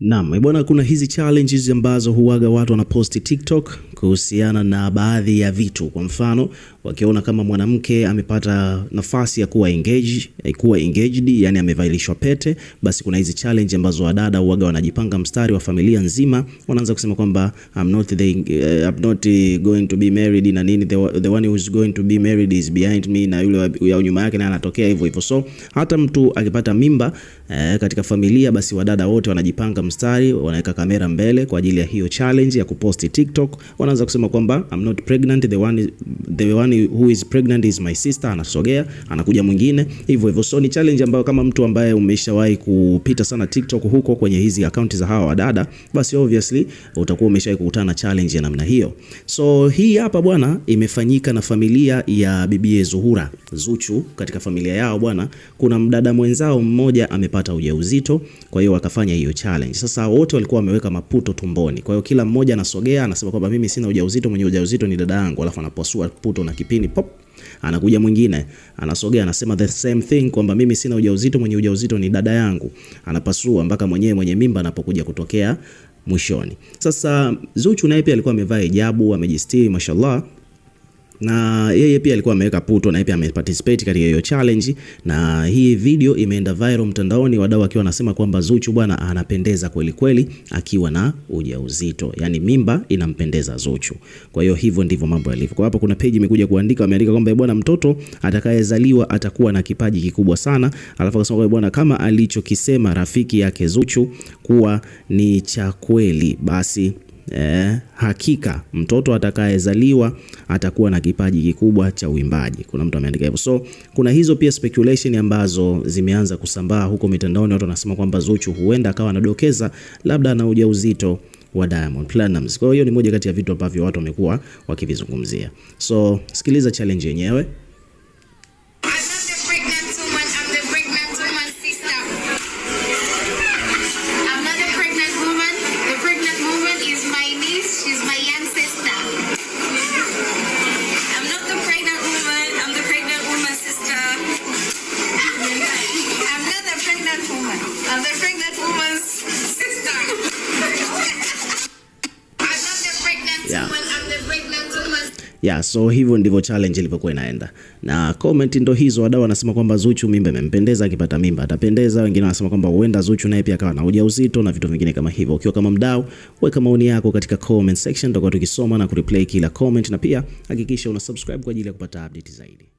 Naam, eh, bwana, kuna hizi challenges ambazo huaga watu wanaposti TikTok kuhusiana na baadhi ya vitu. Kwa mfano, wakiona kama mwanamke amepata nafasi ya kuwa engaged, eh, kuwa engaged yani amevalishwa pete, basi kuna hizi challenge ambazo wadada huaga wanajipanga mstari wa familia nzima, wanaanza kusema kwamba I'm not the, uh, I'm not going to be married na nini, the, the one who is going to be married is behind me, na yule ya nyuma yake naye anatokea hivyo hivyo. So hata mtu akipata mimba uh, katika familia, basi wadada wote wanajipanga mstari, wanaweka kamera mbele kwa ajili ya hiyo challenge ya kuposti TikTok, wanaanza kusema kwamba I'm not pregnant, the one, the one who is pregnant is my sister, anasogea anakuja mwingine hivyo hivyo. So ni challenge ambayo kama mtu ambaye umeshawahi kupita sana TikTok huko kwenye hizi account za hawa wadada, basi obviously utakuwa umeshawahi kukutana na challenge ya namna hiyo. So hii hapa bwana, imefanyika na familia ya bibi Zuhura Zuchu. Katika familia yao bwana, kuna mdada mwenzao mmoja amepata ujauzito, kwa hiyo wakafanya hiyo challenge. Sasa wote walikuwa wameweka maputo tumboni, kwa hiyo kila mmoja anasogea, anasema kwamba mimi sina ujauzito, mwenye ujauzito ni dada yangu, alafu anapasua puto na kipu kipindi pop anakuja mwingine anasogea anasema the same thing kwamba mimi sina ujauzito, mwenye ujauzito ni dada yangu. Anapasua mpaka mwenyewe mwenye mimba anapokuja kutokea mwishoni. Sasa Zuchu naye pia alikuwa amevaa hijabu, amejistiri mashallah na yeye pia alikuwa ameweka puto na yeye pia ameparticipate katika hiyo challenge, na hii video imeenda viral mtandaoni, wadau akiwa anasema kwamba Zuchu bwana anapendeza kweli kweli akiwa na ujauzito, yani mimba inampendeza Zuchu. Kwa hiyo hivyo ndivyo mambo yalivyo. Kwa hapo kuna page imekuja kuandika, ameandika kwamba eh, bwana mtoto atakayezaliwa atakuwa na kipaji kikubwa sana, alafu akasema eh, bwana kama alichokisema rafiki yake Zuchu kuwa ni cha kweli basi eh, hakika mtoto atakayezaliwa atakuwa na kipaji kikubwa cha uimbaji. Kuna mtu ameandika hivyo. So kuna hizo pia speculation ambazo zimeanza kusambaa huko mitandaoni, watu wanasema kwamba Zuchu huenda akawa anadokeza labda ana ujauzito wa Diamond Platnumz. Kwa hiyo ni moja kati ya vitu ambavyo watu wamekuwa wakivizungumzia. So sikiliza challenge yenyewe. I'm the pregnant woman's sister. yeah. Yeah, so hivyo ndivyo challenge ilivyokuwa inaenda. Na comment ndo hizo, wadau wanasema kwamba Zuchu mimba imempendeza, akipata mimba atapendeza. Wengine wanasema kwamba huenda Zuchu naye pia akawa na ujauzito na vitu vingine kama hivyo. Ukiwa kama mdau, weka maoni yako katika comment section, tutakuwa tukisoma na kureplay kila comment, na pia hakikisha una subscribe kwa ajili ya kupata update zaidi.